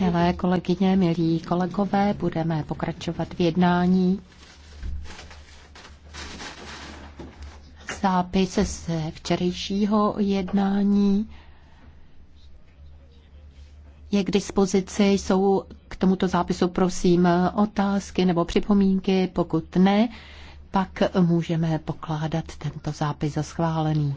Milé kolegyně, milí kolegové, budeme pokračovat v jednání. Zápis ze včerejšího jednání je k dispozici. Jsou k tomuto zápisu, prosím, otázky nebo připomínky. Pokud ne, pak můžeme pokládat tento zápis za schválený.